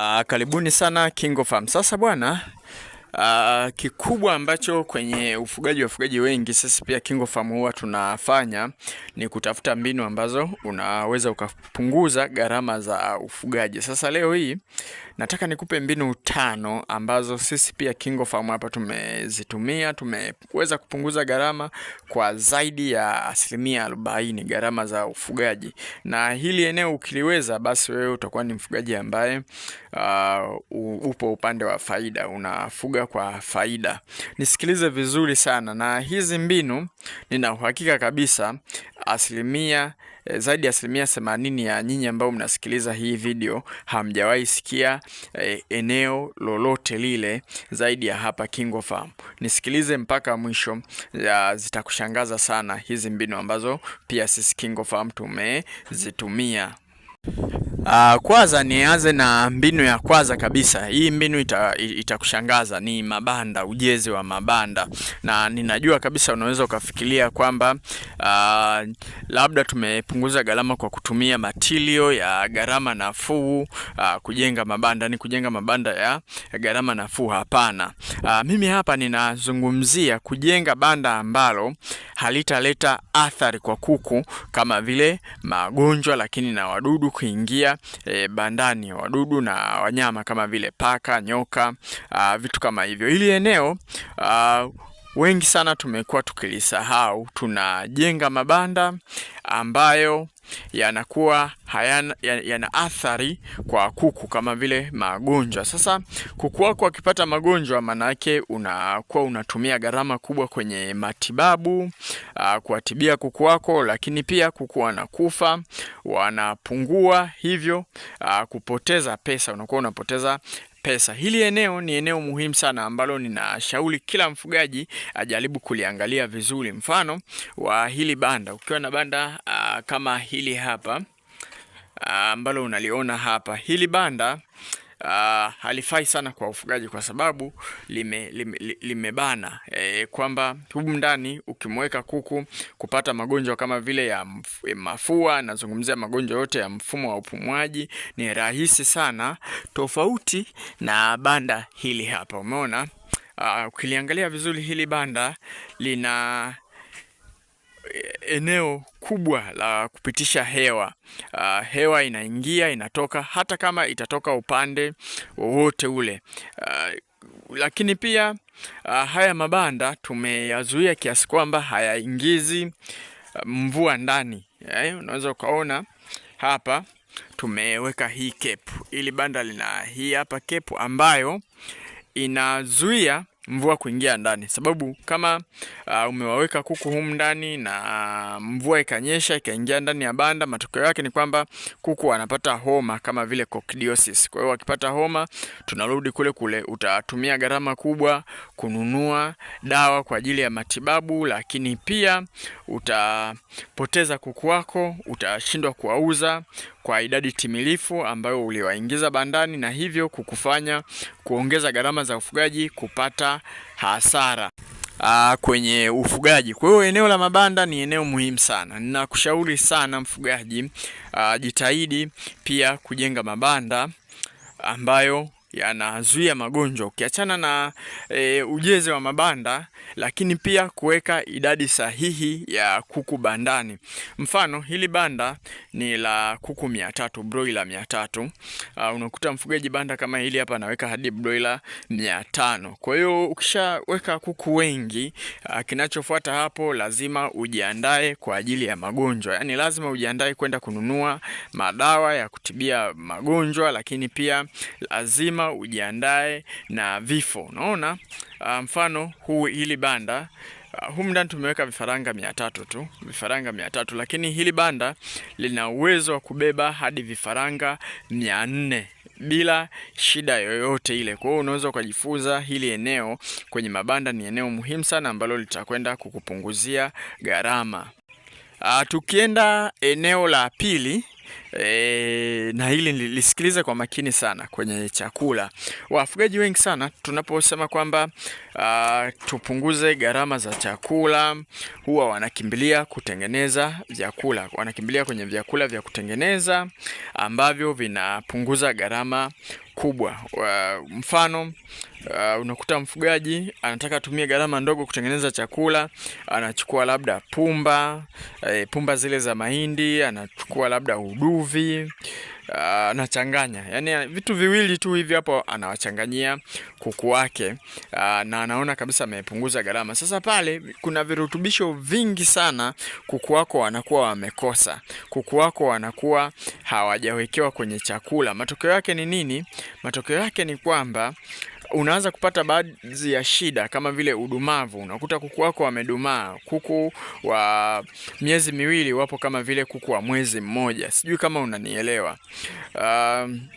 Uh, karibuni sana Kingo Farm. Sasa bwana uh, kikubwa ambacho kwenye ufugaji wafugaji wengi sisi pia Kingo Farm huwa tunafanya ni kutafuta mbinu ambazo unaweza ukapunguza gharama za ufugaji. Sasa leo hii Nataka nikupe mbinu tano ambazo sisi pia KingoFarm hapa tumezitumia, tumeweza kupunguza gharama kwa zaidi ya asilimia arobaini gharama za ufugaji, na hili eneo ukiliweza, basi wewe utakuwa ni mfugaji ambaye uh, upo upande wa faida, unafuga kwa faida. Nisikilize vizuri sana, na hizi mbinu nina uhakika kabisa asilimia eh, zaidi ya asilimia themanini ya nyinyi ambao mnasikiliza hii video hamjawahi sikia eh, eneo lolote lile zaidi ya hapa KingoFarm. Nisikilize mpaka mwisho, zitakushangaza sana hizi mbinu ambazo pia sisi KingoFarm tumezitumia. Uh, kwanza nianze na mbinu ya kwanza kabisa. Hii mbinu itakushangaza, ita ni mabanda, ujenzi wa mabanda, na ninajua kabisa unaweza ukafikiria kwamba uh, labda tumepunguza gharama kwa kutumia matilio ya gharama nafuu uh, kujenga mabanda, ni kujenga mabanda ya gharama nafuu. Hapana, uh, mimi hapa ninazungumzia kujenga banda ambalo halitaleta athari kwa kuku kama vile magonjwa, lakini na wadudu wadudu kuingia e, bandani, wadudu na wanyama kama vile paka, nyoka, a, vitu kama hivyo. Hili eneo a, wengi sana tumekuwa tukilisahau. Tunajenga mabanda ambayo yanakuwa hayana, yana athari kwa kuku kama vile magonjwa. Sasa kuku wako akipata magonjwa, maanayake unakuwa unatumia gharama kubwa kwenye matibabu ah, kuwatibia kuku wako, lakini pia kuku wanakufa, wanapungua, hivyo ah, kupoteza pesa, unakuwa unapoteza pesa. Hili eneo ni eneo muhimu sana ambalo ninashauri kila mfugaji ajaribu kuliangalia vizuri. Mfano wa hili banda, ukiwa na banda uh, kama hili hapa ah, ambalo unaliona hapa, hili banda uh, halifai sana kwa ufugaji kwa sababu limebana lime, lime e, kwamba humu ndani ukimweka kuku kupata magonjwa kama vile ya mafua, nazungumzia magonjwa yote ya mfumo wa upumuaji ni rahisi sana, tofauti na banda hili hapa. Umeona, ah, ukiliangalia uh, vizuri hili banda lina eneo kubwa la kupitisha hewa. Uh, hewa inaingia inatoka, hata kama itatoka upande wowote ule uh, lakini pia uh, haya mabanda tumeyazuia kiasi kwamba hayaingizi mvua ndani. Yeah, unaweza ukaona hapa tumeweka hii kepu, ili banda lina hii hapa kepu ambayo inazuia mvua kuingia ndani, sababu kama uh, umewaweka kuku humu ndani na mvua ikanyesha ikaingia ndani ya banda, matokeo yake ni kwamba kuku wanapata homa kama vile coccidiosis. Kwa hiyo wakipata homa, tunarudi kule kule, utatumia gharama kubwa kununua dawa kwa ajili ya matibabu, lakini pia utapoteza kuku wako, utashindwa kuwauza kwa idadi timilifu ambayo uliwaingiza bandani na hivyo kukufanya kuongeza gharama za ufugaji kupata hasara aa, ah, kwenye ufugaji. Kwa hiyo eneo la mabanda ni eneo muhimu sana. Ninakushauri sana mfugaji, aa, ah, jitahidi pia kujenga mabanda ambayo yanazuia magonjwa ukiachana na e, ujeze wa mabanda, lakini pia kuweka idadi sahihi ya kuku bandani. Mfano, hili banda ni la kuku mia tatu, broiler mia tatu. Uh, unakuta mfugaji banda kama hili hapa anaweka hadi broiler mia tano. Kwa hiyo ukishaweka kuku wengi, uh, kinachofuata hapo lazima ujiandae kwa ajili ya magonjwa, yaani lazima ujiandae kwenda kununua madawa ya kutibia magonjwa, lakini pia lazima lazima ujiandae na vifo. Unaona ah, mfano huu, hili banda ah, humu ndani tumeweka vifaranga mia tatu tu, vifaranga mia tatu lakini hili banda lina uwezo wa kubeba hadi vifaranga mia nne bila shida yoyote ile. Kwa hiyo unaweza ukajifunza hili eneo kwenye mabanda, ni eneo muhimu sana ambalo litakwenda kukupunguzia gharama. Ah, tukienda eneo la pili e, na hili nilisikiliza kwa makini sana kwenye chakula. Wafugaji wengi sana tunaposema kwamba uh, tupunguze gharama za chakula, huwa wanakimbilia kutengeneza vyakula, wanakimbilia kwenye vyakula vya kutengeneza ambavyo vinapunguza gharama kubwa. Wa mfano uh, unakuta mfugaji anataka atumie gharama ndogo kutengeneza chakula, anachukua labda pumba e, pumba zile za mahindi, anachukua labda uduvi Ah, anachanganya uh, yani vitu viwili tu hivi hapo anawachanganyia kuku wake uh, na anaona kabisa amepunguza gharama. Sasa pale kuna virutubisho vingi sana kuku wako wanakuwa wamekosa, kuku wako wanakuwa hawajawekewa kwenye chakula. Matokeo yake ni nini? Matokeo yake ni kwamba unaanza kupata baadhi ya shida kama vile udumavu. Unakuta kuku wako wamedumaa, kuku wa miezi miwili wapo kama vile kuku wa mwezi mmoja, sijui kama unanielewa. Um,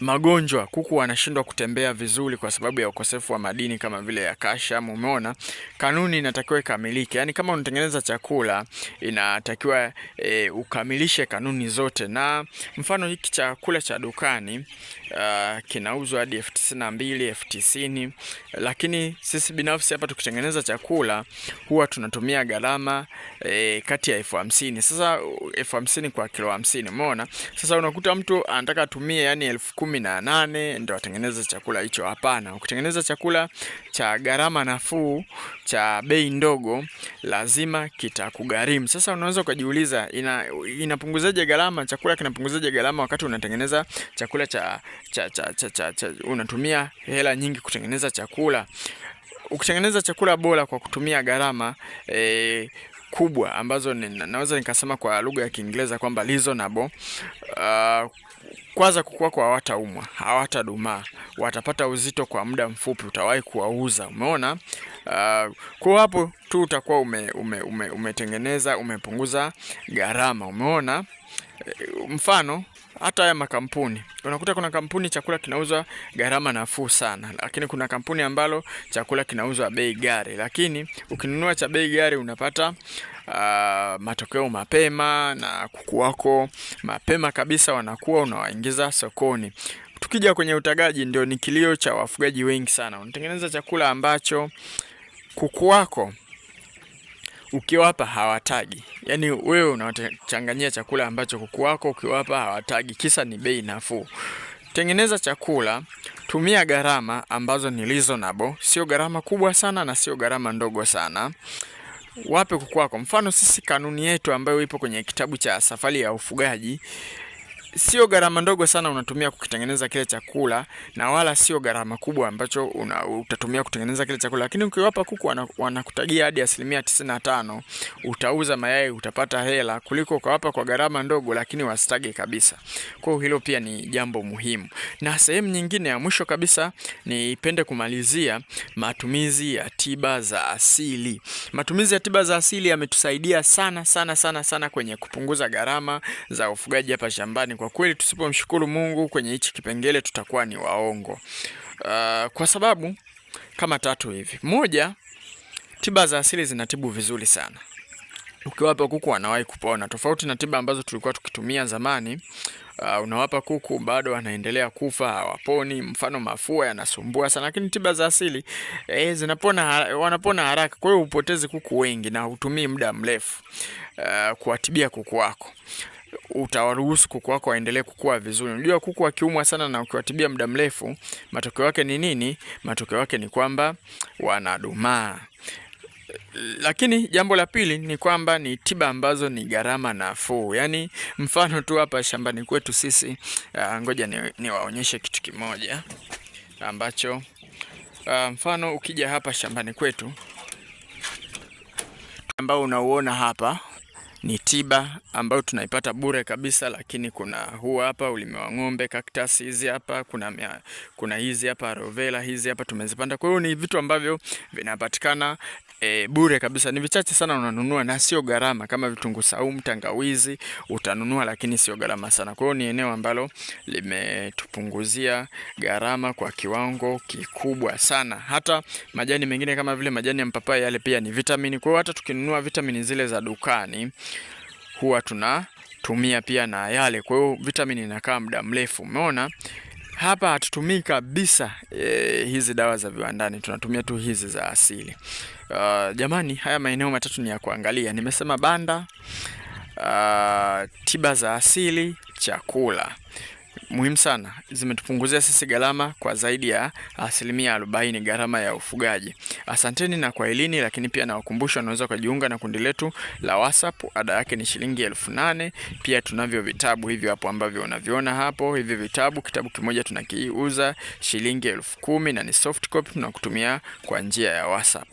magonjwa kuku wanashindwa kutembea vizuri kwa sababu ya ukosefu wa madini kama vile ya kashamu. Umeona, kanuni inatakiwa ikamilike. Yani kama unatengeneza chakula inatakiwa e, ukamilishe kanuni zote, na mfano hiki chakula cha dukani uh, kinauzwa hadi elfu tisini na mbili elfu tisini lakini sisi binafsi hapa tukitengeneza chakula huwa tunatumia gharama e, kati ya elfu hamsini sasa elfu hamsini kwa kilo hamsini umeona sasa unakuta mtu anataka atumie yani elfu kumi na nane ndo atengeneze chakula hicho hapana ukitengeneza chakula cha gharama nafuu cha bei ndogo lazima kitakugharimu. Sasa unaweza ukajiuliza, ina inapunguzaje gharama chakula? Kinapunguzaje gharama wakati unatengeneza chakula cha, cha, cha, cha, cha, cha unatumia hela nyingi kutengeneza chakula? Ukitengeneza chakula bora kwa kutumia gharama e, kubwa ambazo ni, naweza nikasema kwa lugha ya Kiingereza kwamba reasonable uh, kwanza kukua kwa hawataumwa, hawatadumaa, watapata uzito kwa muda mfupi, utawahi kuwauza. Umeona? Uh, kwa hapo tu utakuwa ume, ume, ume, umetengeneza umepunguza gharama. Umeona? Eh, mfano hata haya makampuni unakuta kuna kampuni chakula kinauzwa gharama nafuu sana, lakini kuna kampuni ambalo chakula kinauzwa bei gari, lakini ukinunua cha bei gari unapata uh, matokeo mapema na kuku wako mapema kabisa wanakuwa unawaingiza sokoni. Tukija kwenye utagaji, ndio ni kilio cha wafugaji wengi sana. Unatengeneza chakula ambacho kuku wako ukiwapa hawatagi, yaani wewe unachanganyia chakula ambacho kuku wako ukiwapa hawatagi, kisa ni bei nafuu. Tengeneza chakula, tumia gharama ambazo ni reasonable, sio gharama kubwa sana na sio gharama ndogo sana wape kuku Mfano sisi kanuni yetu ambayo ipo kwenye kitabu cha safari ya ufugaji sio gharama ndogo sana unatumia kukitengeneza kile chakula, na wala sio gharama kubwa ambacho una, utatumia kutengeneza kile chakula. Lakini ukiwapa kuku wanakutagia hadi asilimia tisini na tano, utauza mayai utapata hela kuliko ukawapa kwa gharama ndogo, lakini wasitage kabisa. Kwa hilo pia ni jambo muhimu. Na sehemu nyingine ya mwisho kabisa nipende kumalizia matumizi ya tiba za asili. Matumizi ya tiba za asili yametusaidia sana sana sana sana kwenye kupunguza gharama za ufugaji hapa shambani kwa kweli tusipomshukuru Mungu kwenye hichi kipengele tutakuwa ni waongo. Uh, kwa sababu kama tatu hivi. Moja, tiba za asili zinatibu vizuri sana. Ukiwapa kuku wanawahi kupona, tofauti na tiba ambazo tulikuwa tukitumia zamani. Uh, unawapa kuku bado wanaendelea kufa, hawaponi. Mfano mafua yanasumbua sana, lakini tiba za asili eh, zinapona, wanapona haraka. Kwa hiyo upotezi kuku wengi na hutumii muda mrefu uh, kuwatibia kuku wako utawaruhusu kuku wako waendelee kukua vizuri. Unajua kuku wakiumwa sana na ukiwatibia muda mrefu, matokeo yake ni nini? Matokeo yake ni kwamba wanadumaa. Lakini jambo la pili ni kwamba ni tiba ambazo ni gharama nafuu. Yaani mfano tu hapa shambani kwetu sisi uh, ngoja niwaonyeshe ni kitu kimoja ambacho uh, mfano ukija hapa shambani kwetu ambao unauona hapa ni tiba ambayo tunaipata bure kabisa, lakini kuna huu hapa ulimi wa ng'ombe, cactus hizi hapa, kuna mia, kuna hizi hapa aloe vera hizi hapa tumezipanda. Kwa hiyo ni vitu ambavyo vinapatikana e, bure kabisa, ni vichache sana unanunua na sio gharama kama vitunguu saumu, tangawizi utanunua, lakini sio gharama sana. Kwa hiyo ni eneo ambalo limetupunguzia gharama kwa kiwango kikubwa sana. Hata majani mengine kama vile majani ya mpapai yale pia ni vitamini. Kwa hiyo hata tukinunua vitamini zile za dukani huwa tunatumia pia na yale. Kwa hiyo vitamini inakaa muda mrefu. Umeona hapa hatutumii kabisa e, hizi dawa za viwandani, tunatumia tu hizi za asili. Uh, jamani, haya maeneo matatu ni ya kuangalia. Nimesema banda, uh, tiba za asili, chakula muhimu sana, zimetupunguzia sisi gharama kwa zaidi ya ah, asilimia arobaini gharama ya ufugaji. Asanteni na kwa elini, lakini pia nawakumbusha unaweza ukajiunga na kundi letu la WhatsApp, ada yake ni shilingi elfu nane. Pia tunavyo vitabu hivyo hapo ambavyo unaviona hapo, hivyo vitabu, kitabu kimoja tunakiuza shilingi elfu kumi na ni soft copy, tunakutumia kwa njia ya WhatsApp.